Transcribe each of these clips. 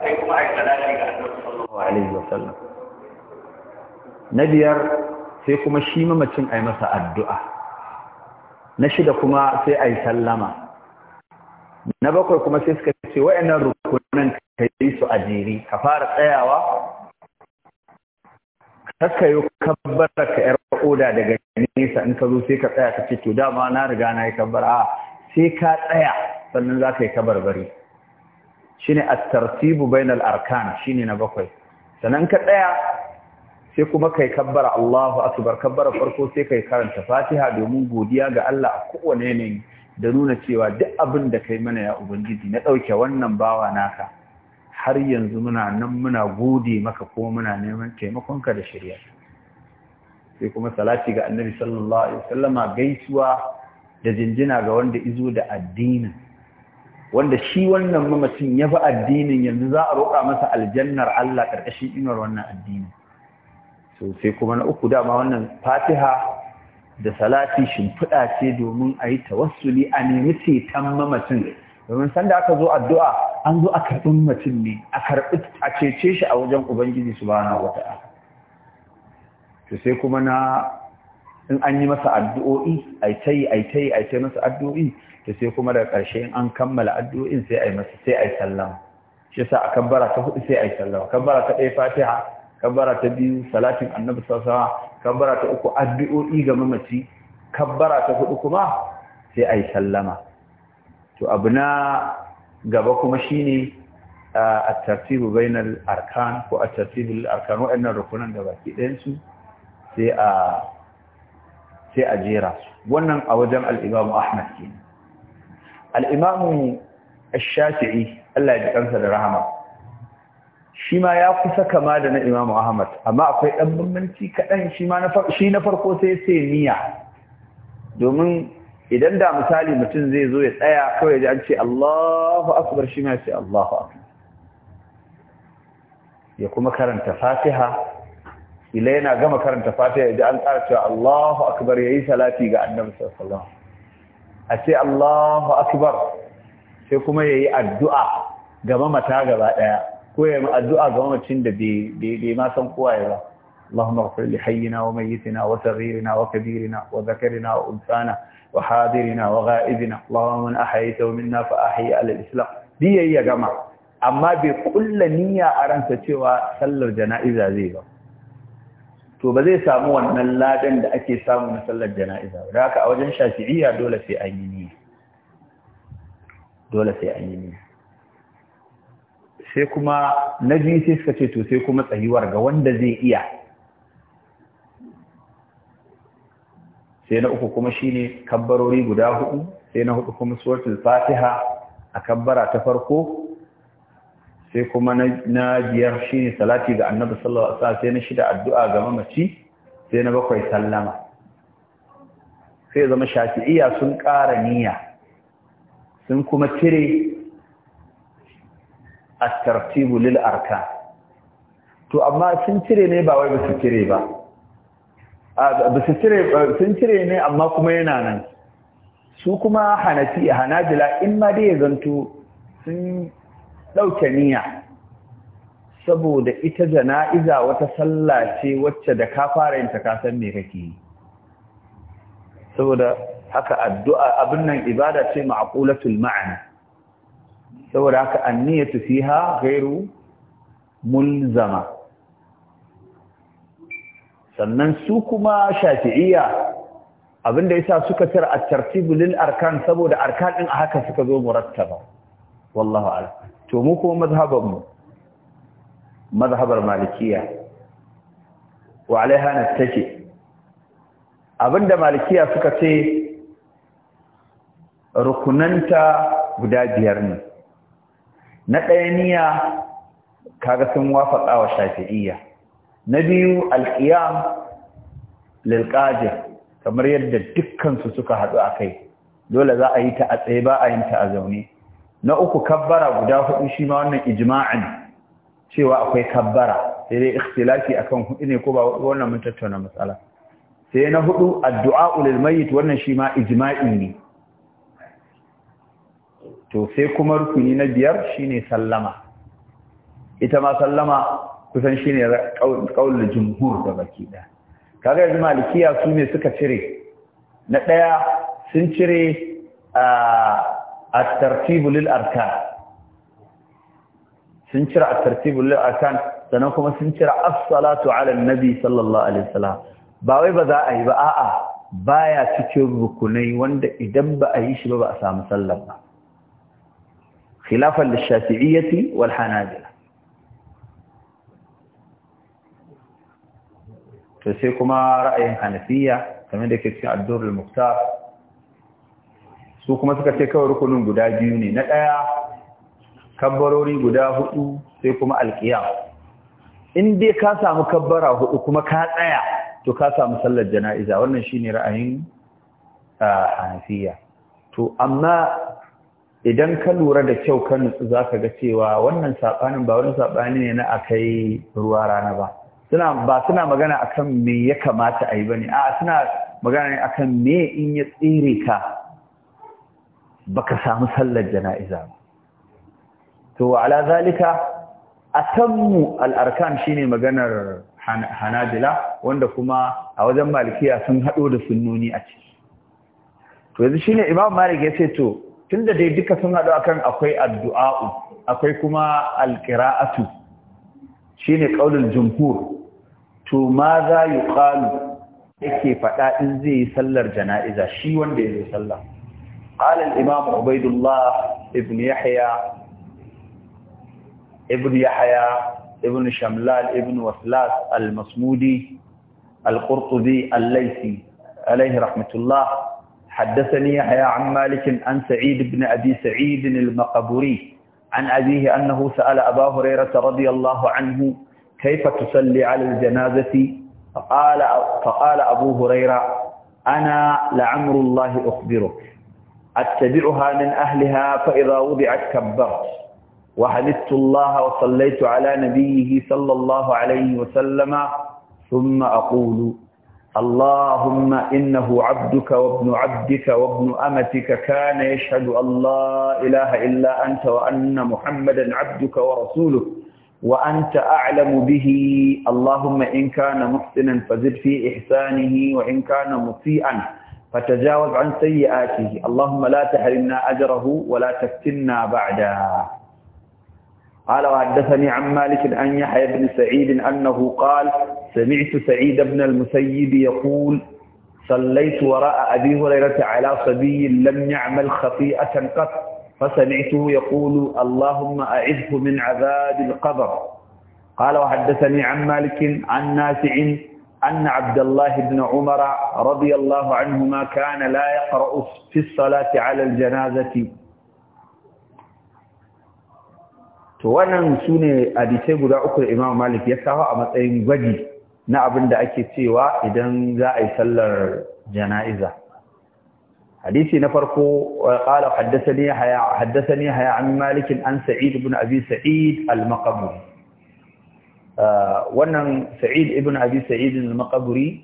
sai kuma a yi ga annabi sallallahu na biyar sai kuma shi mamacin a yi masa addu'a na shida kuma sai a sallama na bakwai kuma sai suka ce wa'annan rukunan ka yi su a jiri ka fara tsayawa ka yi kabbara ka yar oda daga nesa in ka zo sai ka tsaya ka ce to dama na riga na yi kabbara sai ka tsaya sannan za ka yi kabarbari shine at-tartibu bainal arkan shine na bakwai sannan ka daya sai kuma kai kabbara Allahu akbar kabbara farko sai kai karanta Fatiha domin godiya ga Allah a kowane yanayi da nuna cewa duk abin da kai mana ya ubangiji na dauke wannan bawa naka har yanzu muna nan muna gode maka kuma muna neman taimakon ka da shari'a sai kuma salati ga Annabi sallallahu alaihi wasallama gaisuwa da jinjina ga wanda izo da addinin wanda shi wannan mamacin ya fi addinin yanzu za a roƙa masa aljannar Allah ƙarƙashin inuwar wannan addinin so sai kuma na uku dama wannan fatiha da salati shimfiɗa ce domin a yi tawassuli a nemi ceton mamacin domin sanda aka zo addu'a an zo a karɓin mutum ne a karɓi a cece shi a wajen ubangiji ba na to sai kuma na in an yi masa addu'o'i ai ta yi ai ta yi ai ta yi masa addu'o'i ta sai kuma daga ƙarshe in an kammala addu'o'in sai ai masa sai ai sallama shi yasa a kabbara ta hudu sai a yi sallama kabbara ta ɗaya fatiha kabbara ta biyu salatin annabi sallallahu kabbara ta uku addu'o'i ga mamaci kabbara ta hudu kuma sai a yi sallama to abu na gaba kuma shine a tartibu bainal arkan ko a tartibul arkan wa'annan rukunan da baki ɗayan su sai a sai a jera su wannan a wajen al'imamu ahmad ke al'imamu shafi'i Allah ya ji kansa da rahama shi ma ya kusa kama da na imamu ahmad amma akwai ɗan bambanci kaɗan shi na farko sai sai niyya domin idan da misali mutum zai zo ya tsaya kawai ji an ce Allahu akbar shi ma ce Allahu ya kuma karanta Fatiha ila yana gama karanta fatiha ya ji an kara cewa Allahu akbar ya yi salati ga annabi sallallahu a ce Allahu akbar sai kuma ya yi addu'a ga mamata gaba daya ko ya yi addu'a ga mamacin da bai bai ma san kowa ya ba Allahumma ighfir li hayyina wa mayyitina wa sarrina wa kabirina wa dhakarina wa unsana wa hadirina wa gha'ibina Allahumma man ahyaita wa minna fa ahyi ala al-islam bi yayya gama amma bi kullaniya aranta cewa sallar jana'iza zai ba to ba zai samu wannan ladan da ake samu na sallar jana'iza ba haka a wajen shafi'iyya dole sai an yi niyya dole sai an yi niyya sai kuma na biyu sai suka ce to sai kuma tsayuwar ga wanda zai iya sai na uku kuma shine kabbarori guda hudu sai na hudu kuma suratul fatiha a kabbara ta farko sai kuma na biyar shi ne salati ga annabi sallallahu alaihi wasallam sai na shida addu'a ga mamaci sai na bakwai sallama sai zama shafi'iyya sun ƙara niyya sun kuma cire at-tartibu lil arkan to amma sun cire ne ba wai ba su cire ba ba su sun cire ne amma kuma yana nan su kuma hanafi hanajila in ma dai ya zanto sun ɗauke niya saboda ita jana'iza wata sallah ce wacce da ka fara yin ta ka san me kake yi saboda haka addu'a abin nan ibada ce ma'qulatul ma'ana saboda haka anniyatu fiha ghairu mulzama sannan su kuma shafi'iyya abinda yasa suka tar at-tartib lil arkan saboda arkan din a haka suka zo murattaba wallahu to mu ko mazhaban mu mazhabar malikiya wa alaiha nattaji abinda malikiya suka ce rukunanta guda biyar ne na ɗaya niyya kaga sun wafaƙa wa shafi'iyya na biyu alƙiyam lilƙajir kamar yadda dukkansu suka haɗu a kai dole za a yi ta a tsaye ba a yin ta a zaune na uku kabbara guda hudu shi ma wannan ijma'in cewa akwai kabbara sai dai ikhtilafi akan hudu ne ko ba wannan mun tattauna matsala sai na hudu addu'a ulil mayyit wannan shi ma ijma'i ne to sai kuma rukuni na biyar shine sallama ita ma sallama kusan shi ne ƙaunar jumhur da baki ɗaya. Kaga yanzu malikiya su ne suka cire, na ɗaya sun cire a ah, الترتيب للأركان سنشرع الترتيب للأركان سنوكم سنشرع الصلاة على النبي صلى الله عليه وسلم باوي بذا أي بآآ بايا تكيب كني واند إدنب أيش ببأسا مسلم خلافا للشافعية والحنازلة فسيكما رأي حنفية كما ذكرت في الدور المختار su kuma suka ce kawai rukunin guda biyu ne na ɗaya kabbarori guda hudu sai kuma alkiyam in dai ka samu kabbara hudu kuma ka tsaya to ka samu sallar jana'iza wannan shi ne ra'ayin hanafiya to amma idan ka lura da kyau ka nutsu za ka ga cewa wannan saɓanin ba wani saɓani ne na akai ruwa rana ba ba suna magana akan me ya kamata a yi ba ne. a'a suna magana ne akan me in ya tsere ka baka samu sallar jana'iza ba to ala zalika atammu al-arkan shine maganar hanabila wanda kuma a wajen malikiya sun hado da sunnoni a ciki to yanzu shine imam malik ya ce to tunda dai duka sun hado akan akwai addu'a akwai kuma al-qira'atu shine qaulul jumhur to ma za yuqalu yake fada in zai yi sallar jana'iza shi wanda yi sallah قال الإمام عبيد الله ابن يحيى ابن يحيى ابن شملال ابن وثلاث المصمودي القرطبي الليثي عليه رحمة الله حدثني يحيى عن مالك عن سعيد بن أبي سعيد المقبوري عن أبيه أنه سأل أبا هريرة رضي الله عنه كيف تصلي على الجنازة فقال, فقال أبو هريرة أنا لعمر الله أخبرك أتبعها من أهلها فإذا وضعت كبرت وحمدت الله وصليت على نبيه صلى الله عليه وسلم ثم أقول اللهم إنه عبدك وابن عبدك وابن أمتك كان يشهد أن لا إله إلا أنت وأن محمدا عبدك ورسوله وأنت أعلم به اللهم إن كان محسنا فزد في إحسانه وإن كان مطيئا فتجاوز عن سيئاته اللهم لا تحرمنا أجره ولا تفتنا بعدا قال وحدثني عن مالك أن يحيى بن سعيد أنه قال سمعت سعيد بن المسيب يقول صليت وراء أبي هريرة على صبي لم يعمل خطيئة قط فسمعته يقول اللهم أعذه من عذاب القبر قال وحدثني عن مالك عن نافع أن عبد الله بن عمر رضي الله عنهما كان لا يقرأ في الصلاة على الجنازة to wannan su ne hadisai guda uku da imam malik ya kawo a matsayin gwaji na abin da ake cewa idan za a yi sallar jana'iza hadisi na farko qala haddasa haya haddathani haya an malikin an sa'id ibn abi sa'id al-maqburi wannan sa'id ibn abi sa'id al-maqburi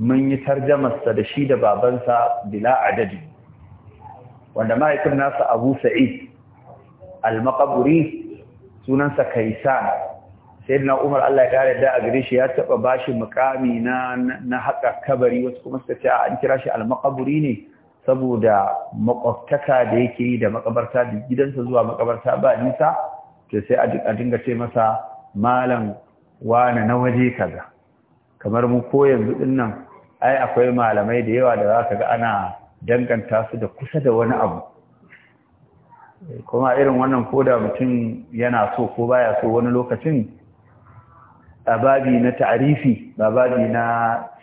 mun yi tarjamarsa da shi da babansa bila adadi wanda mahaifin nasa abu sa'id al-maqburi sa, kaisan sayyidina umar Allah ya kare da a gare shi ya taba bashi mukami na na haka kabari wasu kuma suka ce an kira shi al-maqburi ne saboda makwabtaka da yake yi da makabarta da gidansa zuwa makabarta ba nisa to sai a dinga ce masa malam wane na waje kaza kamar mu ko yanzu dinnan ai akwai malamai da yawa da za ka ga ana danganta su da kusa da wani abu kuma irin wannan koda mutum yana so ko baya so wani lokacin ababi babi na ta'arifi babadi na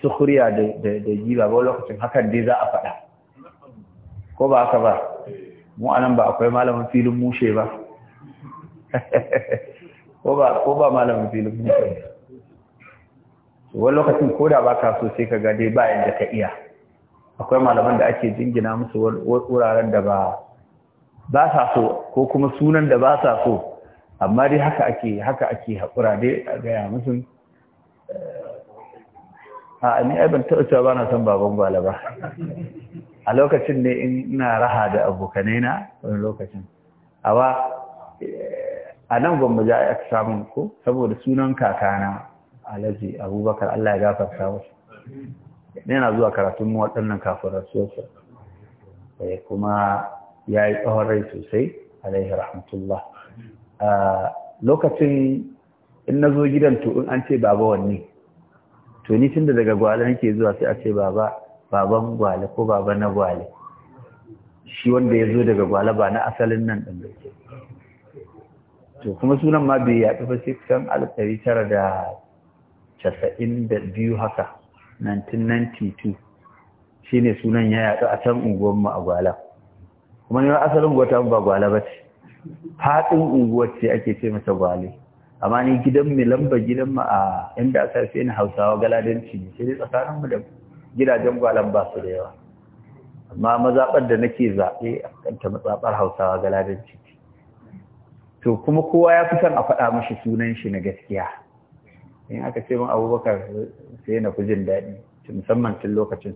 sukhriya da giba ba lokacin hakan dai za a faɗa ko ba haka ba mu anan ba akwai malamin filin mushe ba ko ba malamin filin ne wani lokacin ko da ba ka so sai ka gade ba yadda ka iya akwai malaman da ake jingina musu wuraren da ba ba sa so ko kuma sunan da ba sa so amma dai haka ake haka ake haƙura dai a gaya musu eh, a ni ai ban taɓa cewa ba na son baban gwala ba a lokacin ne ina raha da abokanai na wani lokacin awa a nan mu ja aka samun ko saboda sunan kakana alhaji abubakar allah ya gafarta wasu yana zuwa karatun mu waɗannan kafirar sosai eh, kuma ya yi tsawon rai sosai alaihi rahmatullah lokacin in na zo gidan to in an ce baba wanne to ni tun da daga gwale nake zuwa sai a ce baba baban gwale ko baba na gwale shi wanda ya zo daga gwale ba na asalin nan ɗin ba. to kuma sunan ma bai yaɗu ba sai kusan alif tara da casa'in da biyu haka 1992 shi sunan ya yaɗu a can unguwanmu a gwala kuma ne asalin gwata ba gwala ba ce Haɗin unguwar ce ake ce mata gwale amma ni gidan mu lamba gidan mu a inda aka sai ni hausawa galadanci ne sai tsakanin mu da gidajen gwalan ba su da yawa amma mazaɓar da nake zaɓe a kanta matsaɓar hausawa galadanci to kuma kowa ya fi son a faɗa mashi sunan shi na gaskiya in aka ce min abubakar sai na fi jin daɗi musamman tun lokacin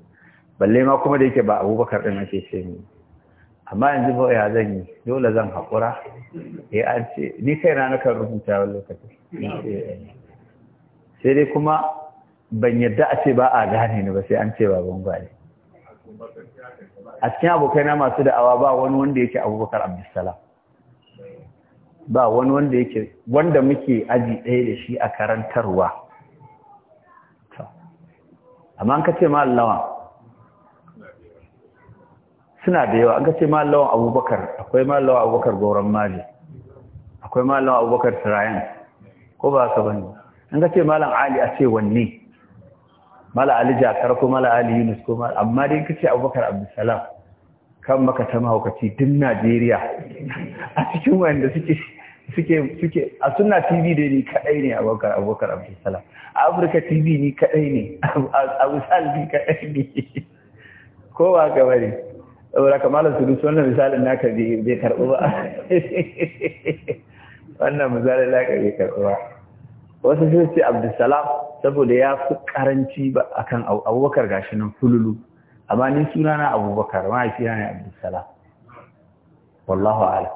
balle ma kuma da yake ba abubakar ɗin ake ce ni amma yanzu ba ya zan yi dole zan haƙura eh an ce ni kai na nakan rubuta wani lokaci sai dai kuma ban yadda a ce ba a gane ni ba sai an ce ba bangwale a cikin abokaina masu da'awa ba wani wanda yake abubakar abdulsalam ba wani wanda yake wanda muke aji ɗaya da shi a karantarwa amma an kace ce ma'allawa suna da yawa an kace ce ma'allawan abubakar akwai ma'allawan abubakar goron mali akwai ma'allawan abubakar sirayen ko ba ka bane an kace ce malam ali a ce wanne mala ali jakar ko mala ali yunus ko mala amma dai kace ce abubakar abdulsalam kan maka ta mahaukaci tun Najeriya a cikin wanda suke suke suke a suna TV da ni kadai ne abokar abokar Abdulsalam a Afirka TV ni kadai ne a misal ni kadai ne ba ga bari saboda kamar su dusu wannan misalin naka zai karɓi ba wannan misalin naka zai karɓi ba wasu sun ce Abdulsalam saboda ya fi karanci ba akan abubakar gashi nan fululu amma ni suna na abubakar yana ne abdulsalam wallahu ala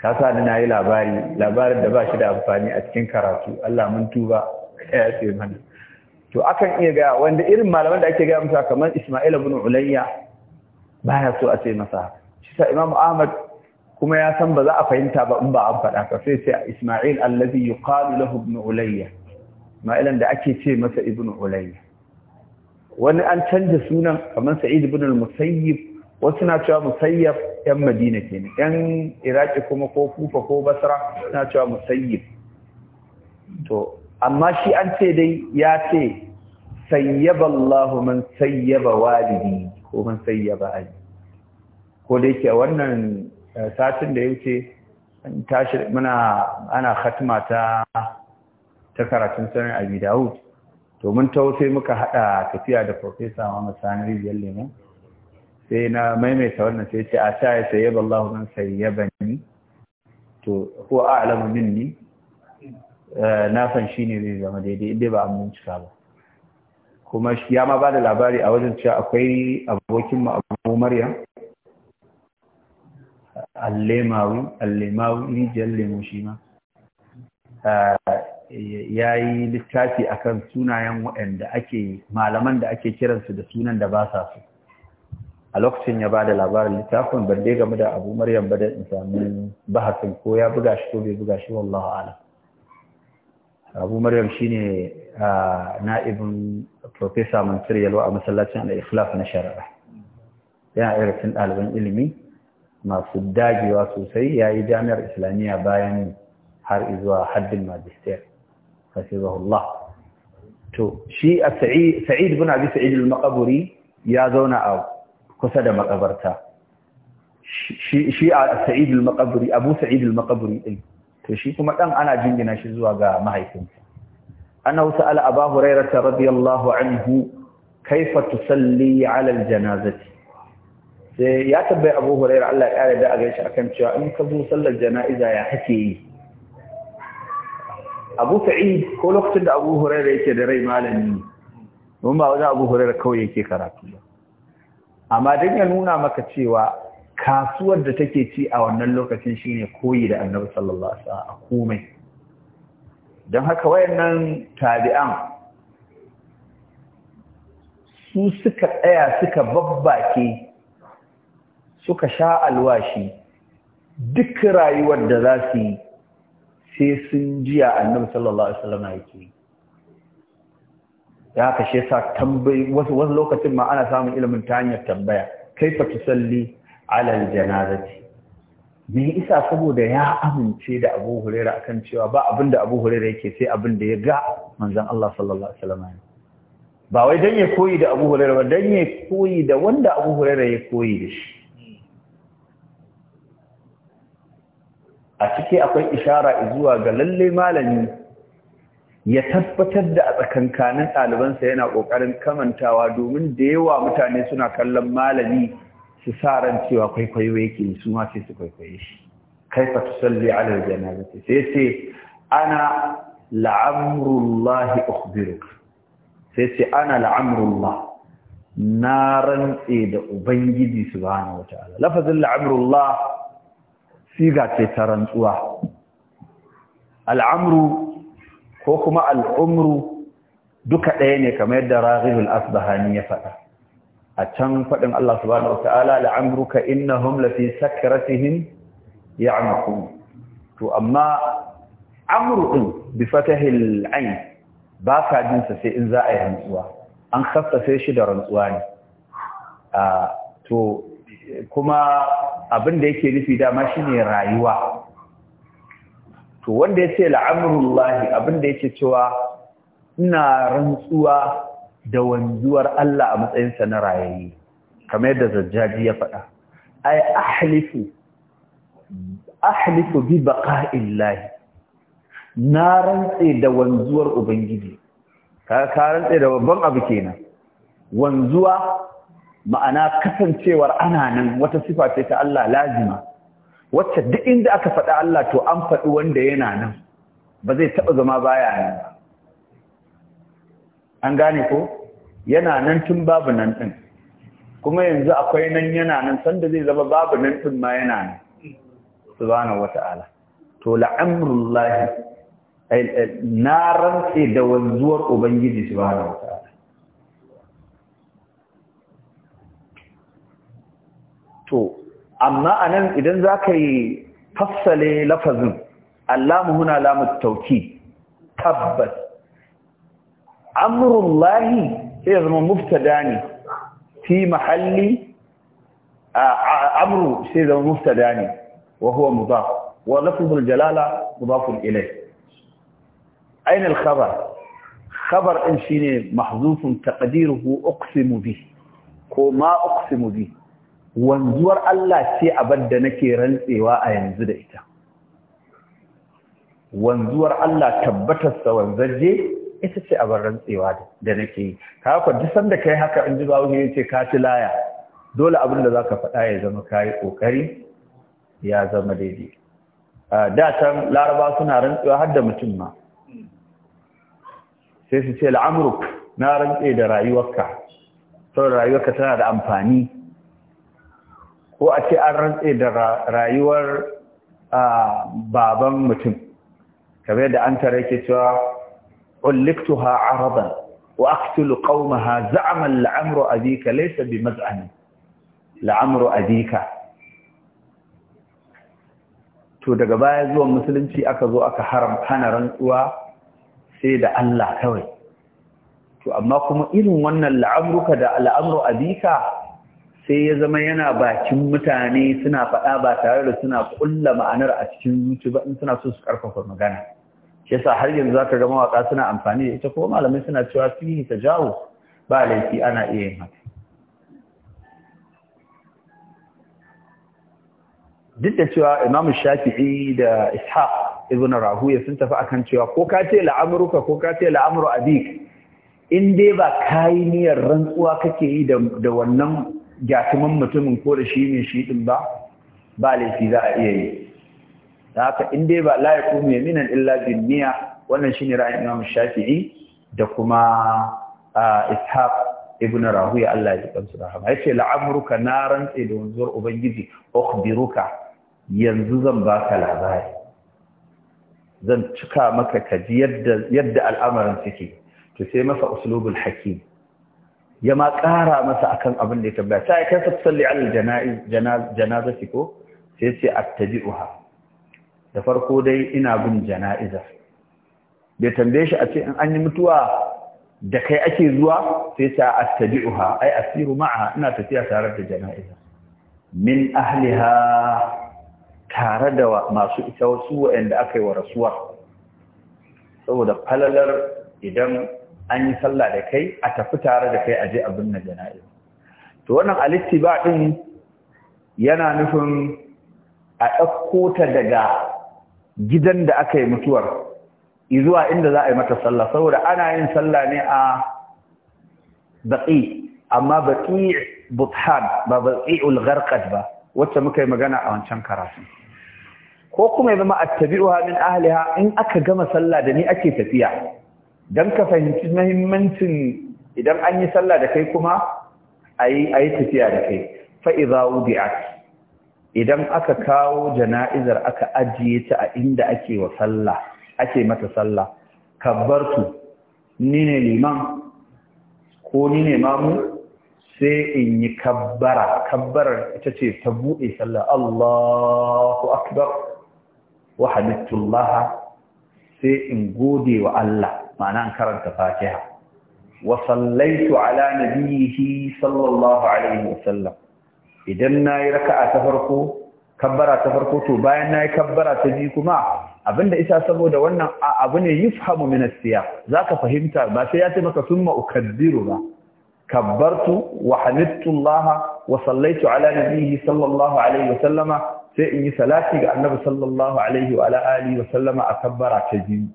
ka sa ni na yi labari labarin da ba shi da amfani a cikin karatu Allah mun tuba ya ce mana to akan iya ga wanda irin malaman da ake ga musa kamar Isma'il ibn Ulayya baya so a ce masa shi sa Imam Ahmad kuma ya san ba za a fahimta ba in ba an faɗa ka sai sai Isma'il allazi yuqalu lahu ibn Ulayya ma'ilan da ake ce masa ibn Ulayya wani an canza sunan kamar sa'id ibn al-musayyib wasu na cewa musayyab yan madina kenan yan iraki kuma ko kufa ko basra na cewa musayyib to amma shi an ce dai ya ce sayyaba Allah man sayyaba walidi ko man sayyaba ali ko da yake wannan eh, satin da ya wuce tashi muna ana khatma ta ta karatun sunan Abi Dawud to mun muka haɗa tafiya da profesa Muhammad Sani Rijiyar Lemu sai na maimaita wannan sai ce a sa ya sayi ballahu sai ya bani. to ko a'lamu minni eh, na san shi ne zai zama daidai inda ba an bincika ba kuma ya ma ba da labari a wajen cewa akwai abokin mu abu maryam allemawi allemawi rijiyar lemu shi ma eh, ya yi littafi akan sunayen waɗanda ake malaman da ake kiransu da sunan da ba sa su a lokacin ya ba da labarin littafin ban dai game da abu maryam ba da samu bahasin ko ya buga shi ko bai buga shi wallahu ala abu maryam shine na'ibin professor mansur yalwa a masallacin al-ikhlaf na shari'a yana irin ɗaliban ilimi masu dagewa sosai ya yi jami'ar islamiyya bayan har izuwa haddin magister hafizahullah to shi a ya zauna a kusa da makabarta shi a sa'id al-maqburi abu sa'id al-maqburi to shi kuma dan ana jingina shi zuwa ga mahaifinsa annahu sa'ala aba hurairah radiyallahu anhu kaifa tusalli ala al-janazati sai ya tabbai abu hurairah Allah ya kare da a gaishe akan cewa in ka zo sallar jana'iza ya hake yi abu sa'id ko lokacin da abu huraira yake da rai malami ne ba wajen abu huraira kawai yake karatu ba amma don ya nuna maka cewa kasuwar da take ci a wannan lokacin shine koyi da annabi sallallahu alaihi wasallam a komai don haka wayannan tabi'an su suka tsaya suka babbake suka sha alwashi duk rayuwar da za su yi sai sun jiya annabi sallallahu alaihi wasallam yake Ya kashe shi sa tambayi wasu wasu lokacin ma ana samun ilimin ta hanyar tambaya kai kaifa tusalli ala aljanazati me isa saboda ya amince da Abu a kan cewa ba abinda Abu Hurairah yake sai abinda ya ga manzon Allah sallallahu alaihi wasallam ba wai dan ya koyi da Abu Hurairah ba dan ya koyi da wanda Abu Hurairah ya koyi da shi a ciki akwai ishara zuwa ga lalle malami ya tabbatar da a tsakankanin ɗalibansa yana ƙoƙarin kamantawa domin da yawa mutane suna kallon malami su sa ran cewa kwaikwayo yake su ma sai su kwaikwaye shi kaifa Salli ala aljanazati sai ce ana la'amrullahi ukhbiruk sai ce ana la'amrullah na rantse da ubangiji subhanahu wataala lafazin la'amrullah siga ce ta rantsuwa al'amru ko kuma al'umru duka ɗaya ne kamar yadda raghibul asbahani ya faɗa a can faɗin Allah subhanahu wata'ala la'amruka innahum lafi sakratihim ya'maqun to amma amru ɗin bi fatahil ain ba ka sa sai in za a yi rantsuwa an sai shi da rantsuwa ne to kuma abin da yake nufi dama shine rayuwa to wanda yace la'amrullahi abin da yake cewa ina rantsuwa da wanzuwar Allah a matsayin sa na rayayi kamar yadda zajjaji ya faɗa ai ahlifu ahlifu bi baqa'illahi na rantse da wanzuwar ubangiji ka ka rantse da babban abu kenan wanzuwa ma'ana kasancewar ana nan wata sifa ce ta Allah lazima wacce duk inda aka faɗa Allah to an faɗi wanda yana nan ba zai taɓa zama baya nan ba an gane ko yana nan tun babu nan ɗin kuma yanzu akwai nan yana nan sanda zai zama babu nan tun ma yana nan wa ta’ala. to na rantse da wanzuwar ubangiji wa ta'ala. to amma anan idan za ka yi fassale lafazin allamu huna lamun tauki tabbas amurullahi sai ya zama muftada ne fi mahalli amru sai zama muftada ne wa huwa mudaf wa lafzul jalala mudafun ilai aina al-khabar khabar din shine mahzufun taqdiruhu uqsimu bi ko ma uqsimu bi wanzuwar Allah ce abin da nake rantsewa a yanzu da ita wanzuwar Allah tabbatarsa wanzarje ita ce abin rantsewa da nake yi ka haka duk sanda kai haka in ji ba wuce ce ka ci laya dole abin da za ka faɗa ya zama yi ƙoƙari ya zama daidai da can laraba suna rantsewa har da mutum ma sai su ce la'amruk na rantse da rayuwarka saboda rayuwarka tana da amfani ko a ce an rantse da rayuwar baban mutum kamar da an tare ke cewa ha araban wa ƙauma ha za'man la'amru abika laysa bi maz'ani la'amru abika to daga baya zuwan musulunci aka zo aka haram hana rantsuwa sai da Allah kawai to amma kuma irin wannan la'amruka da la'amru abika sai ya zama yana bakin mutane suna faɗa ba tare da suna kulla ma'anar a cikin zuci ba in suna so su karfafa magana shi yasa har yanzu zaka ga mawaka suna amfani da ita ko malamai suna cewa fihi jawo ba laifi ana iya yin haka duk da cewa Imam Shafi'i da Ishaq ibn Rahuya sun tafi akan cewa ko ka ce la'amuruka ko ka ce la'amuru abik in dai ba kayi niyyar rantsuwa kake yi da wannan gyatuman mutumin ko da shi ne shi ɗin ba ba laifi za a iya yi da haka in dai ba la yaqumu minan illa bin niyya wannan shine ra'ayin Imam Shafi'i da kuma Ishaq ibn Rahuya Allah ya kansu Ya ce la'amruka na rantse da wanzuwar ubangiji okbiruka. yanzu zan baka labari zan cika maka kaji yadda yadda al'amarin suke to sai masa uslubul hakim ya ma ƙara masa a kan abin da ya tambaya ta kai sa a janaza shi ko sai ce uha. da farko dai ina bin jana'iza bai tambaye shi a ce in an yi mutuwa da kai ake zuwa sai ta uha. ai asiru ma'a ina tafiya tare da jana'iza min ahliha tare da masu ita wasu wa'anda aka yi wa rasuwa saboda falalar idan an yi sallah da kai a tafi tare da kai a je abin na jana'iza to wannan alittiba din yana nufin a ɗauko ta daga gidan da aka yi mutuwar zuwa inda za a yi mata sallah saboda ana yin sallah ne a baƙi amma baƙi buthan ba baƙi'ul ulgarkat ba wacce muka yi magana a wancan karatu ko kuma ya zama attabi'uha min ahliha in aka gama sallah da ni ake tafiya Dan ka fahimci mahimmancin idan an yi sallah da kai kuma a yi tafiya da kai fa'iza ake. idan aka kawo jana'izar aka ajiye ta a inda ake wa sallah ake mata sallah kabbartu ni ne liman ko ni ne mamu sai in yi kabbara kabbarar ita ce ta buɗe sallah Allahu akbar wa sai in gode wa Allah ma'ana karanta fatiha wa sallaitu ala nabiyhi sallallahu alaihi wasallam idan nayi raka'a ta farko kabbara ta farko to bayan nayi kabbara ta biyu kuma abinda isa saboda wannan abu ne yufhamu min as-siyaq zaka fahimta ba sai ya ce maka summa ukaddiru ba kabbartu wa hamidtu Allah wa sallaitu ala sallallahu alaihi wasallama sai in yi salati ga annabi sallallahu alaihi wa ala alihi wasallama a kabbara ta biyu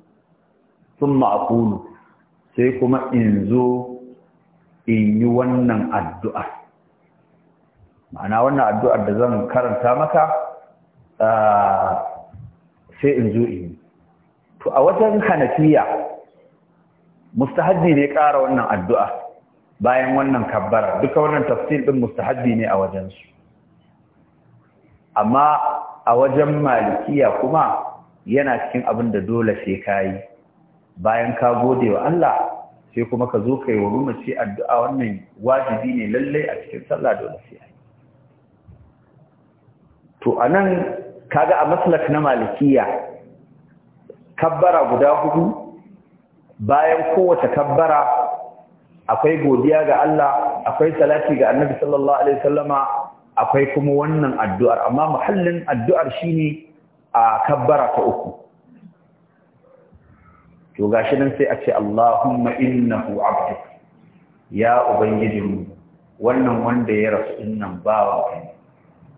sun aqulu sai kuma in zo in yi wannan addu'a ma'ana wannan addu'ar da zan karanta maka sai in zo in yi to a wajen hanafiya mustahaddi ne ƙara wannan addu'a bayan wannan kabbara duka wannan tafsir ɗin mustahaddi ne a wajensu amma a wajen malikiya kuma yana cikin abin da dole sai ka bayan ka gode wa Allah sai kuma ka zo kai wa mace addu'a wannan wajibi ne lallai a cikin sallah da sai ai to anan kaga a maslak na malikiya kabbara guda hudu bayan kowace kabbara akwai godiya ga Allah akwai salati ga Annabi sallallahu alaihi wasallama akwai kuma wannan addu'ar amma muhallin addu'ar shine a kabbara ta uku to gashi nan sai a ce Allahumma innahu abduk ya ubangijinmu wannan wanda ya rasu innan bawan kai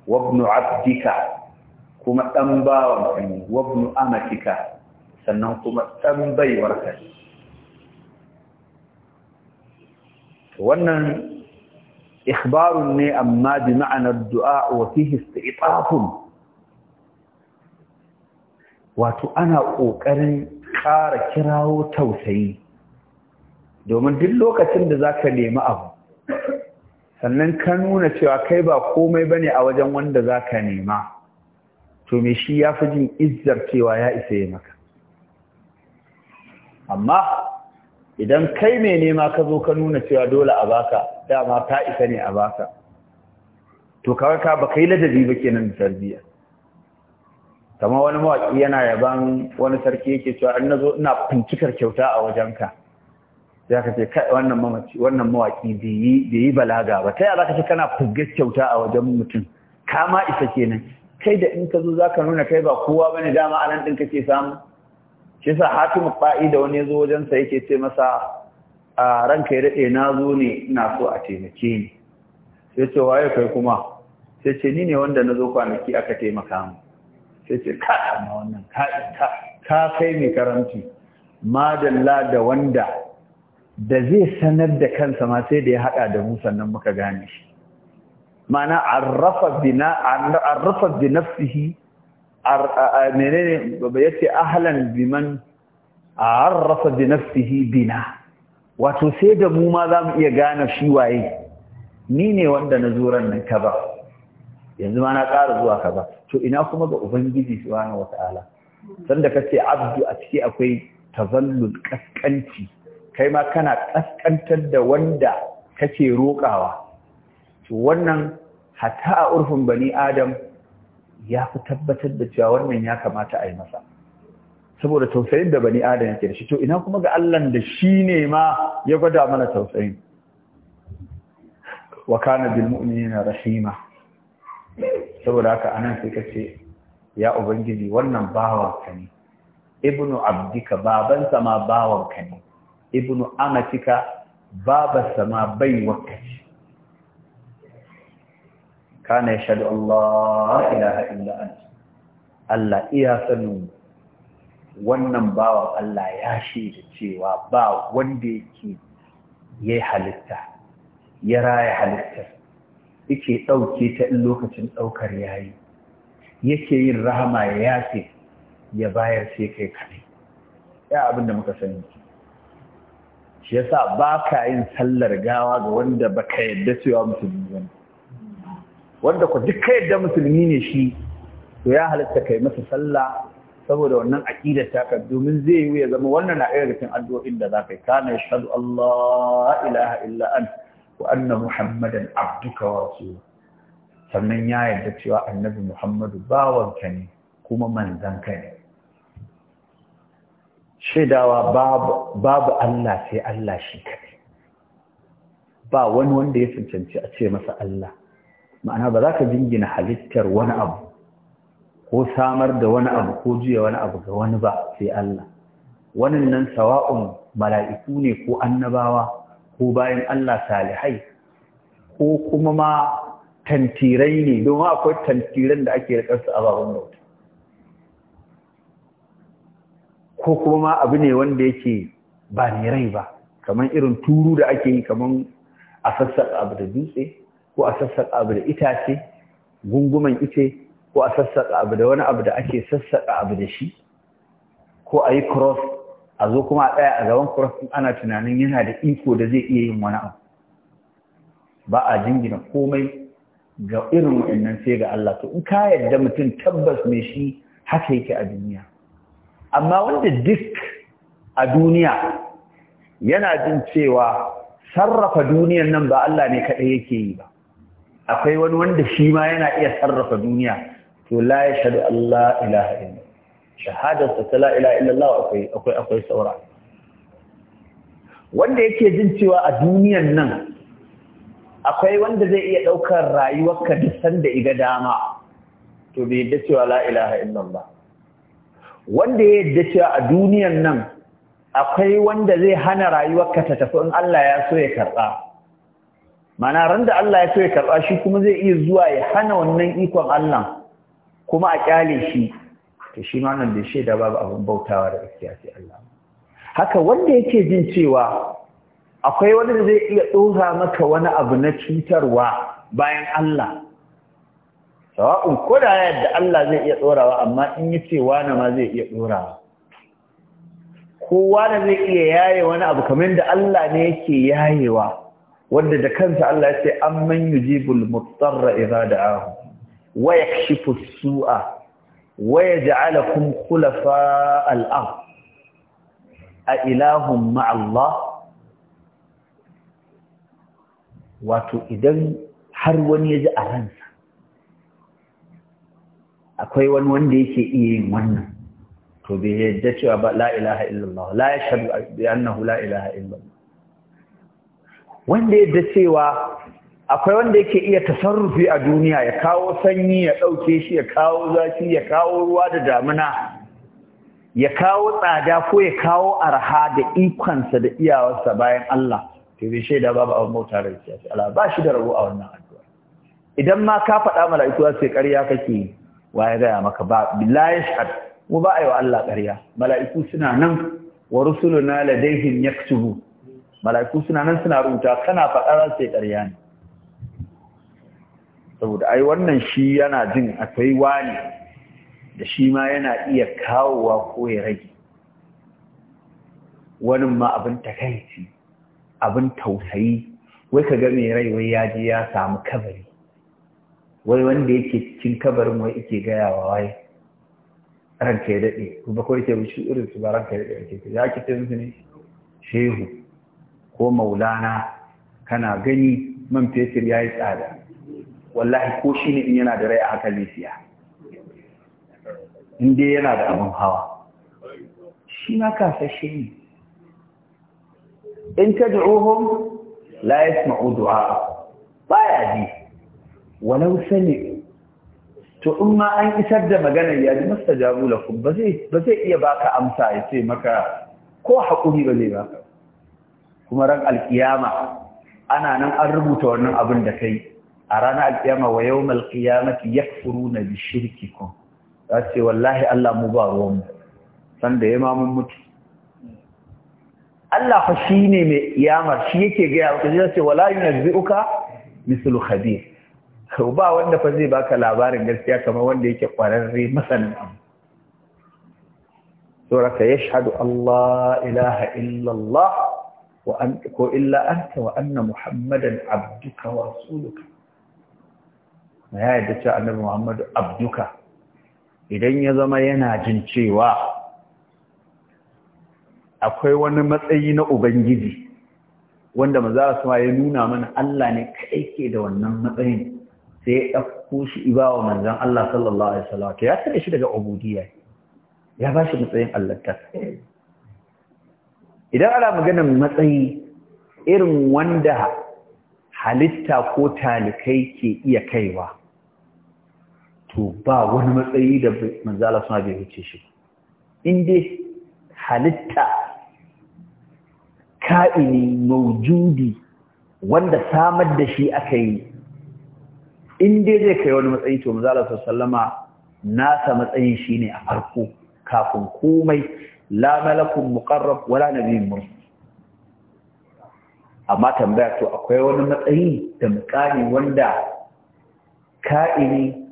wabnu abdika kuma dan bawan kai wabnu amatika sannan kuma dan baiwar kai wannan ikhbarun ne amma bi ma'anar du'a wa fihi isti'tafun wato ana ƙoƙarin ƙara kirawo tausayi domin duk lokacin da za ka nemi abu sannan ka nuna cewa kai ba komai ba ne a wajen wanda za ka nema to me shi ya fi jin izzar cewa ya isa yi maka amma idan kai mai nema ka zo ka nuna cewa dole a baka dama ta isa ne a baka to kawai ka ba kai ladabi ba kenan da tarbiyya kamar wani mawaƙi yana yaban wani sarki yake cewa an nazo ina fincikar kyauta a wajenka ya ka ce kai wannan mamaci wannan mawaƙi bai yi balaga ba ta yaya zaka ce kana fuggar kyauta a wajen mutum Kama isa kenan kai da in ka zo zaka nuna kai ba kowa bane dama anan din kake samu shi yasa Hatimu Fa'i da wani yazo wajen sa yake ce masa a ranka ya dade na zo ne ina so a taimake ni sai ce waye kai kuma sai ce ni ne wanda na zo kwanaki aka taimaka mu sai ce ka wannan ka kai mai karanci madalla da wanda da zai sanar da kansa ma sai da ya haɗa da mu sannan muka gane shi ma'ana arrafa bi nafsihi ya ce ahalan biman arrafa bi nafsihi bina wato sai da mu ma za mu iya gane shi waye ni ne wanda na zuran nan ka yanzu ma na ƙara zuwa kaza to ina kuma ga ubangiji subhanahu wata'ala sanda kace abdu a ciki akwai tazallul kaskanci kai ma kana kaskantar da wanda kake roƙawa to wannan hatta a urfin bani adam ya fi tabbatar da cewa wannan ya kamata a yi masa saboda tausayin da bani adam yake da shi to ina kuma ga Allah da shi ne ma ya gwada mana tausayin wa kana bil mu'minina rahima saboda haka anan sai ka ce ya ubangiji wannan ka ne ibnu abdika babansa ma bawanka ne ibnu amatika sama ma baiwarka ce kana ya shaɗu Allah ilaha illa an Allah iya sanin wannan bawan Allah ya shaida cewa ba wanda yake ya halitta ya raya halittar yake ɗauke ta in lokacin ɗaukar yayi yake yin rahama ya yafe ya bayar sai kai kaɗai ya abin da muka sani shi yasa ba ka yin sallar gawa ga wanda baka ka yadda cewa musulmi wani wanda ku duk ka yadda musulmi ne shi to ya halitta kai masa sallah saboda wannan ta ka, domin zai yi ya zama wannan na irin cikin addu'o'in da za ka yi kana yashhadu Allah ilaha illa wa anna muhammadan abduka wa sannan ya yarda cewa annabi muhammadu bawanka ne kuma manzanka ne shaidawa babu Allah sai Allah shi kaɗai ba wani wanda ya cancanci a ce masa Allah ma'ana ba za ka jingina halittar wani abu ko samar da wani abu ko juya wani abu ga wani ba sai Allah wannan sawa'un mala'iku ne ko annabawa ko bayan Allah salihai ko kuma ma tantirai ne Don akwai tantiran da ake rikarsu a babban bauta ko kuma ma abu ne wanda yake ba ne rai ba kamar irin turu da ake yi kamar a sassar abu da dutse ko a sassar abu da itace gunguman ite, ko a sassar abu da wani abu da ake sassaƙa abu da shi ko a yi cross a zo kuma a tsaya a gaban kurafin ana tunanin yana da iko da zai iya yin wani abu ba a jingina komai ga irin wa'annan sai ga Allah to in ka yadda mutum tabbas mai shi haka yake a duniya amma wanda duk a duniya yana jin cewa sarrafa duniyan nan ba Allah ne kaɗai yake yi ba akwai wani wanda shi ma yana iya sarrafa duniya to la ya shaɗu Allah ilaha illa shahadarsa ta la'ila illallah akwai akwai akwai saura wanda yake jin cewa a duniyan nan akwai wanda zai iya ɗaukar rayuwarka da sanda iga dama to bai yadda cewa la'ilaha illallah wanda ya yadda cewa a duniyan nan akwai wanda zai hana rayuwarka ta tafi in Allah ya so ya karɓa mana ran da Allah ya so ya karɓa shi kuma zai iya zuwa ya hana wannan ikon Allah kuma a ƙyale shi to shi ma nan shaida babu abin bautawa da gaskiya sai Allah haka wanda yake jin cewa akwai wani zai iya ɗora maka wani abu na cutarwa bayan Allah sawa'un ko da yadda Allah zai iya tsorawa amma in yi cewa na ma zai iya tsorawa. kowa da zai iya yaye wani abu kamar da Allah ne yake yayewa wanda da kansa Allah ya ce amman yujibul mutarra idza da'ahu wa yakshifu su'a waya ja'alakum khulafa al-ard a ilahun ma'allah wato idan har wani ya ji a ransa akwai wani wanda yake iya yin wannan to bai yadda cewa ba la ilaha illallah la yashhadu bi annahu la ilaha illallah wanda yadda cewa akwai wanda yake iya tasarrufi a duniya ya kawo sanyi ya ɗauke shi ya kawo zafi ya kawo ruwa da damina ya kawo tsada ko ya kawo arha da ikonsa da iyawarsa bayan Allah to bai shaida babu abin bauta da ya Allah ba shi da rabo a wannan addu'a idan ma ka faɗa mala'iku za su ƙarya kake wa ya gaya maka ba billahi shahad mu ba yi wa Allah ƙarya mala'iku suna nan wa rusuluna ladaihim yaktubu mala'iku suna nan suna rubuta kana faɗa za su ƙarya ne saboda ai wannan shi yana jin akwai wani da shi ma yana iya kawowa ko ya rage wani ma abin takaici abin tausayi wai ka ga mai rai wai ya je ya samu kabari wai wanda yake cikin kabarin wai yake gaya wa wai ranka ya daɗe ba ko yake wuce irin su ba ranka ya daɗe ake ya ki ce musu ne shehu ko maulana kana gani man fetur ya yi tsada wallahi ko shi ne yana da rai a haka zai siya yana da abin hawa shi na shi ne in ta du'uhum la ma'udu'a ba ya ji walau sani. to in ma an isar da maganar ya ji mastajabu ba zai iya baka amsa ya ce maka ko haƙuri ba zai baka kuma ran alkiyama ana nan an rubuta wannan abin da kai a ranar alkiyama wa yau malkiyamati ya furu na bi shirki kun ya ce wallahi Allah mu ba ruwanmu sanda ya mamun mutu Allah fa shi ne mai iyamar shi yake gaya wa kaji ce wala uka na zai'uka misalu khabir ba wanda fa zai baka labarin gaskiya kamar wanda yake kwararre masanin abu سورة يشهد الله إله ko illa anta إلا أنت وأن محمدا عبدك ورسولك ya yarda a annabi Muhammadu abduka idan ya zama yana jin cewa akwai wani matsayi na ubangiji wanda maza su ya nuna mana Allah ne kai ke da wannan matsayin sai ya ɗauko shi ibawa manzan Allah sallallahu alaihi wasallam ya tare shi daga ubudiyya ya ba shi matsayin Allah idan ana maganar matsayi irin wanda halitta ko talikai ke iya kaiwa to ba wani matsayi da manzala suna bai wuce shi in dai halitta ka'ini maujudi wanda samar da shi aka yi in dai zai kai wani matsayi to manzala sallama nasa matsayin shi ne a farko kafin komai la malakun muqarrab wala nabiyyun mursal amma tambaya to akwai wani matsayi da mukami wanda ka'ini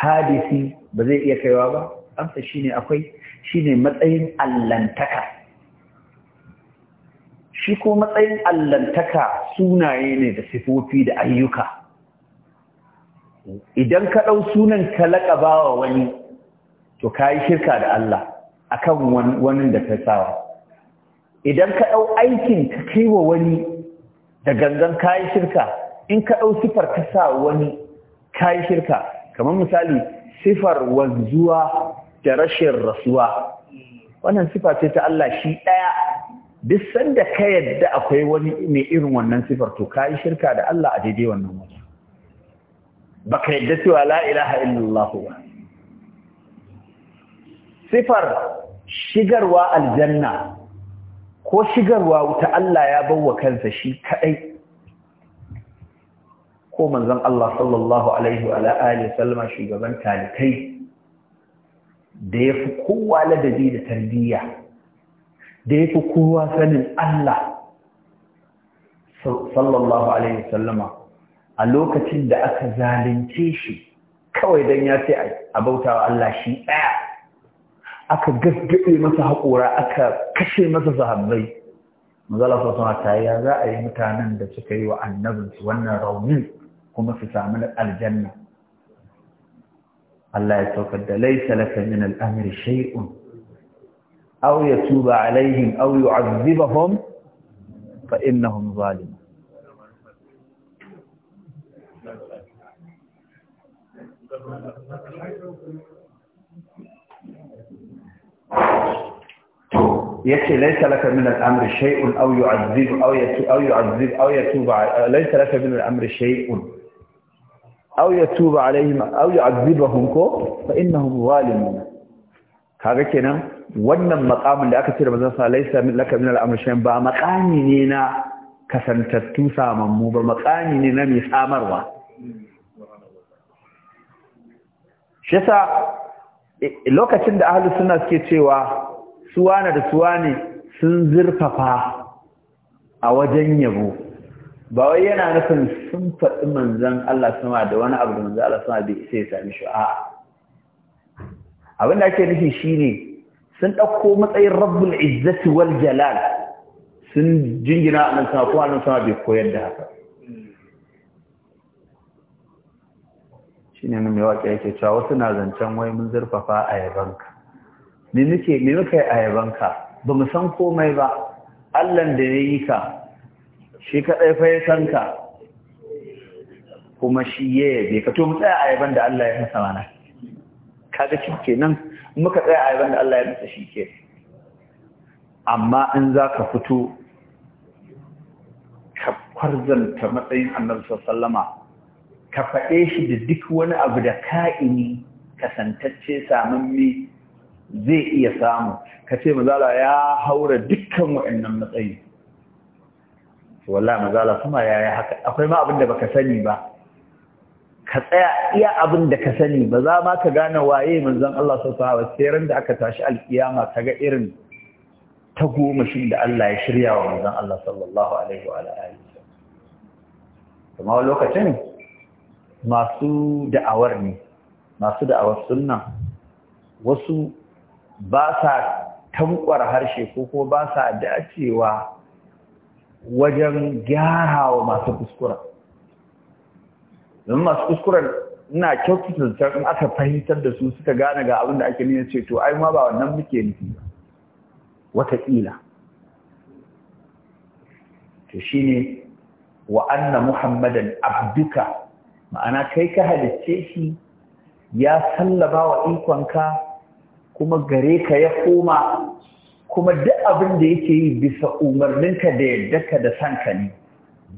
hadisi ba zai iya kaiwa ba amsa shi ne akwai Shi ne matsayin allantaka shi ko matsayin allantaka sunaye ne da sifofi da ayyuka idan ka ɗau sunan ka laƙaba wa wani to ka yi shirka da Allah akan wani da ka sawa idan ka ɗau aikin ka kai wa wani da gangan ka yi shirka in ka ɗau sifar ka sa wani ka yi shirka kamar misali sifar wanzuwa da rashin rasuwa wannan sifa ce ta Allah shi ɗaya duk sanda ka yadda akwai wani mai irin wannan sifar to ka yi shirka da Allah a daidai wannan wata ba ka yadda cewa la ilaha illallah ba sifar shigarwa aljanna ko shigarwa wuta Allah ya wa kansa shi kaɗai ko manzon Allah sallallahu alaihi wa alaihi sallama shugaban talikai da fi kowa ladabi da tarbiyya da yafi kowa sanin Allah sallallahu alaihi sallama a lokacin da aka zalunce shi kawai dan ya ce a bautawa Allah shi ɗaya. aka gaggade masa haƙora aka kashe masa sahabbai mazala sosai ta ya za a yi mutanen da suka yi wa annabinsu wannan raunin kuma su samu aljanna Allah ya saukar da laisa laka min al'amri shay'un aw yatuba alaihim aw yu'adhibahum fa innahum zalimun يكي ليس لك من الأمر شيء أو يعذب أو يتوب أو يعذب أو يتوب ليس لك من الأمر شيء aw yatuba alaihim aw yu'adhibuhum ko fa innahum zalimun kaga kenan wannan maqamin da aka ce da manzon sa laisa laka min al-amr ba maqami ne na kasantattu samammu ba maqami ne na mai samarwa shi sa lokacin da ahlus sunna suke cewa suwana da suwane sun zurfafa a wajen yabo ba wai yana nufin sun faɗi manzan Allah sama da wani abu da manzan Allah sama bai isa ya sami shi a abin da ake nufi shine sun ɗauko matsayin rabbul izzati wal jalal sun jingina a nan sama kuma nan sama bai koyar da haka shine nan mai waƙe yake cewa wasu na zancen wai mun zurfafa a yabanka me muke me muke yi a yabanka ba mu san komai ba Allah da ya yi ka shi kaɗai fa ya san ka kuma shi ya yabe ka to mu tsaya a yaban da Allah ya masa mana kaga shi nan muka tsaya a yaban da Allah ya masa shi ke amma in za ka fito ka kwarzanta matsayin annabi sallama ka faɗe shi da duk wani abu da ka'ini kasantacce samammi zai iya samu ka ce mazala ya haura dukkan wa'annan matsayi to wallahi mazala kuma yaya haka akwai ma abin da baka sani ba ka tsaya iya abin da ka sani ba za ma ka gane waye manzon Allah sallallahu alaihi wasallam da aka tashi alkiyama ga irin ta goma shi da Allah ya shirya wa manzon Allah sallallahu alaihi wa alihi kuma lokacin masu da'awar ne masu da'awar sunna wasu ba sa tankwar harshe ko ko ba sa da cewa wajen gyara wa masu kuskura Zan masu kuskura ina kyautata tuntun in aka fahimtar da su suka gane ga abin da ake nuna ce to ai ma ba wannan muke nufi ba wataƙila to shi ne wa anna muhammadan abduka ma'ana kai ka halicce shi ya sallaba wa ikonka kuma gare ka ya koma kuma duk abin da yake yi bisa umarninka da ka da sanka ne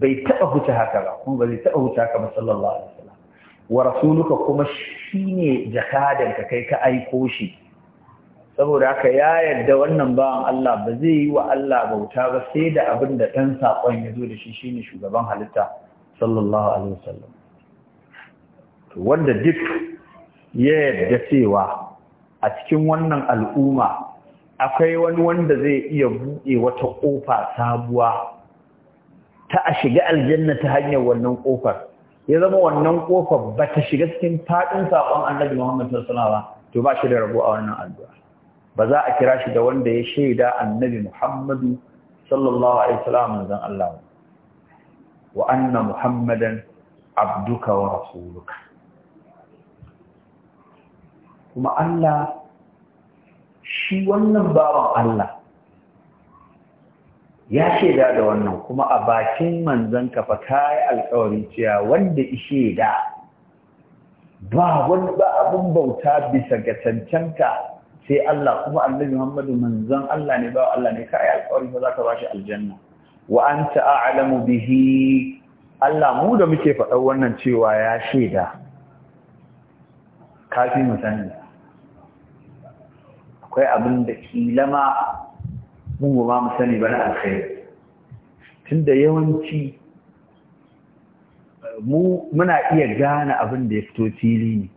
bai taɓa huta haka ba kuma ba zai taɓa huta haka ba sallallahu alaihi wasallam wa rasuluka kuma shine ka kai ka aiko shi saboda haka ya yarda wannan bawan Allah ba zai yi wa Allah bauta ba sai da abin da ɗan saƙon ya zo da shi shine shugaban halitta sallallahu alaihi wasallam wanda duk ya yadda cewa a cikin wannan al'umma akwai wani wanda zai iya buɗe wata ƙofa sabuwa ta a shiga aljanna ta hanyar wannan ƙofar ya zama wannan ƙofar ba ta shiga cikin faɗin saƙon annabi Muhammad sallallahu alaihi to ba shi da rabo a wannan addu'a ba za a kira shi da wanda ya shaida annabi Muhammadu sallallahu alaihi wasallam dan Allah wa anna Muhammadan abduka wa rasuluka kuma Allah shi wannan bawan Allah ya shaida da wannan kuma a bakin manzan ka fa kai alƙawarin cewa wanda shaida ba wani ba abun bauta bisa ga cancanta sai Allah kuma annabi Muhammadu Manzan Allah ne ba Allah ne kai alƙawari fa ba shi aljanna wa anta a'lamu bihi Allah mu da muke faɗa wannan cewa ya shaida kafin mu akwai abin da kila ma mun ba mu sani ba na alkhairi tunda yawanci mu muna iya gane abin da ya fito fili ne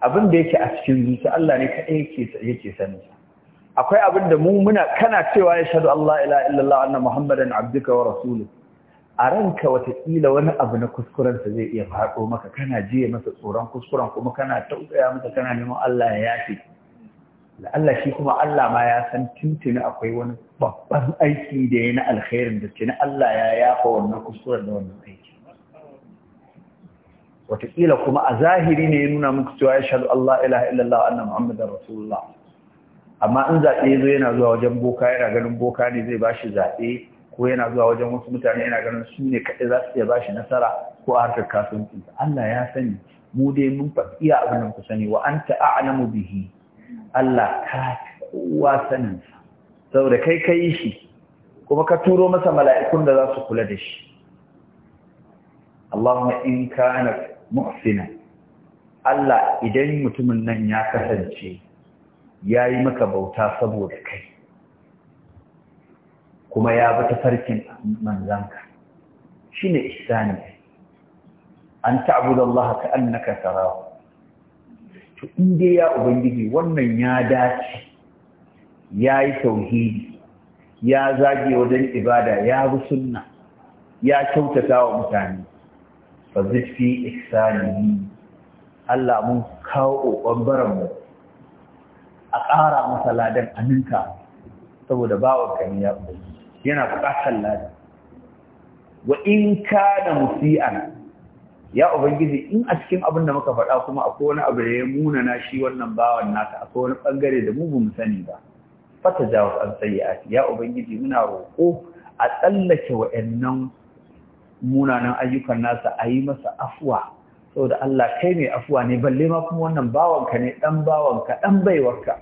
abin da yake a cikin zuci Allah ne yake yake sani akwai abin da mu muna kana cewa ya shahadu Allah ila illallah anna muhammadan abduka wa rasuluhu a ranka watakila wani abu na kuskurensa zai iya faɗo maka kana jiye masa tsoron kuskuren kuma kana tausaya masa kana neman Allah ya yafi Allah shi kuma Allah ma ya san tuntuni akwai wani babban aiki da ya na alkhairin da tuni Allah ya yafa wannan kusurar da wannan aiki. Wataƙila kuma a zahiri ne ya nuna muku cewa ya shaɗu Allah ilaha illallah annan da Rasulullah. Amma in zaɓe zo yana zuwa wajen boka yana ganin boka ne zai bashi zaɓe ko yana zuwa wajen wasu mutane yana ganin su ne kaɗai za su iya bashi nasara ko a harkar kasuwancinsa. Allah ya sani mu dai mun faɗi iya abin da ku sani wa anta a'lamu bihi Allah ka saninsa saboda kai yi shi kuma ka turo masa mala'ikun da za su kula da shi Allahumma in kana muhsina Allah idan mutumin nan ya kasance ya yi maka bauta saboda kai kuma ya bi tafarkin manzanka shi ne ne. an ta'budu Allah annaka tarahu to in ya ubangiji wannan ya dace ya yi tauhidi ya zage wajen ibada ya bi sunna ya kyautata wa mutane fa zidfi ihsanihi Allah mun kawo kokon mu a ƙara masa ladan aminka saboda bawan kan ya ubangiji yana buƙatar ladan wa in kana musi'an ya ubangiji in a cikin abin da muka faɗa kuma akwai wani abu da ya muna na shi wannan bawan naka akwai wani bangare da mu ba mu sani ba fata jawo an sayyi'ati ya ubangiji muna roƙo a tsallake wa'annan munanan ayyukan nasa a yi masa afuwa saboda Allah kai mai afuwa ne balle ma kuma wannan bawanka ne dan bawanka dan baiwarka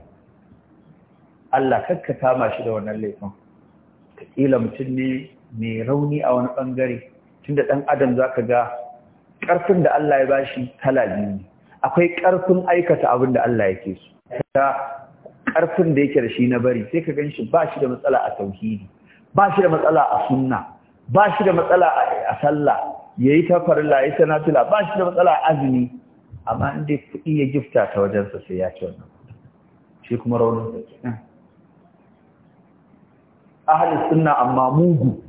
Allah kakka kama shi da wannan laifin kila mutum ne mai rauni a wani bangare tunda ɗan adam za ka ga ƙarfin da Allah ya ba shi kala biyu akwai ƙarfin aikata abin da Allah ya yake su ta ƙarfin da yake da shi na bari sai ka gan shi ba shi da matsala a tauhidi ba shi da matsala a sunna ba shi da matsala a sallah yayi ta farilla yayi ta ba shi da matsala a azumi amma in dai kuɗi ya gifta ta wajensa sai ya ce wannan shi kuma raunin ke. ahalin sunna amma mugu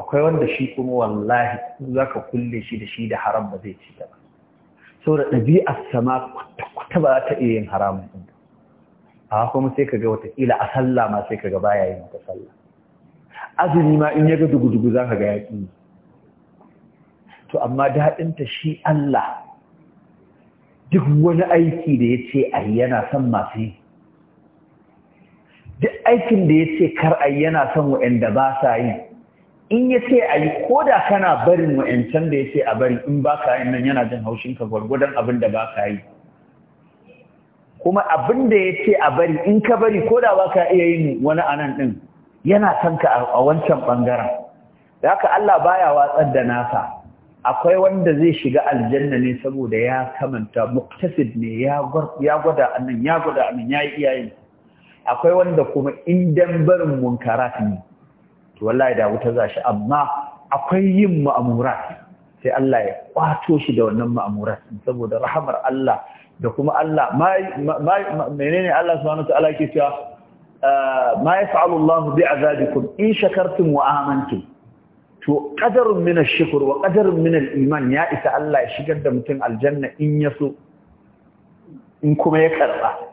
akwai wanda shi kuma wallahi za ka kulle shi da shi da haram ba zai ci ba Saboda da sama kwata ba za ta iya yin haramun ɗin a kuma sai ka ga watakila a sallah ma sai ka ga baya yin wata sallah azumi ma in ya ga dugu-dugu za ka ga to amma ta shi Allah duk wani aiki da ya ce a yana son masu yi duk aikin da ya ce kar a yana son waanda ba sa yi in ya ce a yi ko da kana barin wa'yancan da ya ce a bari in ba ka yin nan yana jin haushinka gwargwadon abin da ba ka yi kuma abin da ya ce a bari in ka bari ko da ba ka iya yin wani anan din, yana kanka a wancan ɓangaren da haka Allah baya watsar da nasa akwai wanda zai shiga aljanna ne saboda ya kamanta muktasid ne ya gwada annan ya gwada annan ya yi iyayen akwai wanda kuma in dan barin munkarat ne to wallahi da wuta za shi amma akwai yin ma'amurat sai Allah ya kwato shi da wannan ma'amurat saboda rahamar Allah da kuma Allah menene Allah subhanahu wa ta'ala ke cewa ah, ma yaf'alu Allah bi'azabikum in shakartum wa amantum to qadarun min ash-shukr wa qadarun min al-iman ya isa Allah ya shigar da mutum aljanna in yaso in kuma ya karba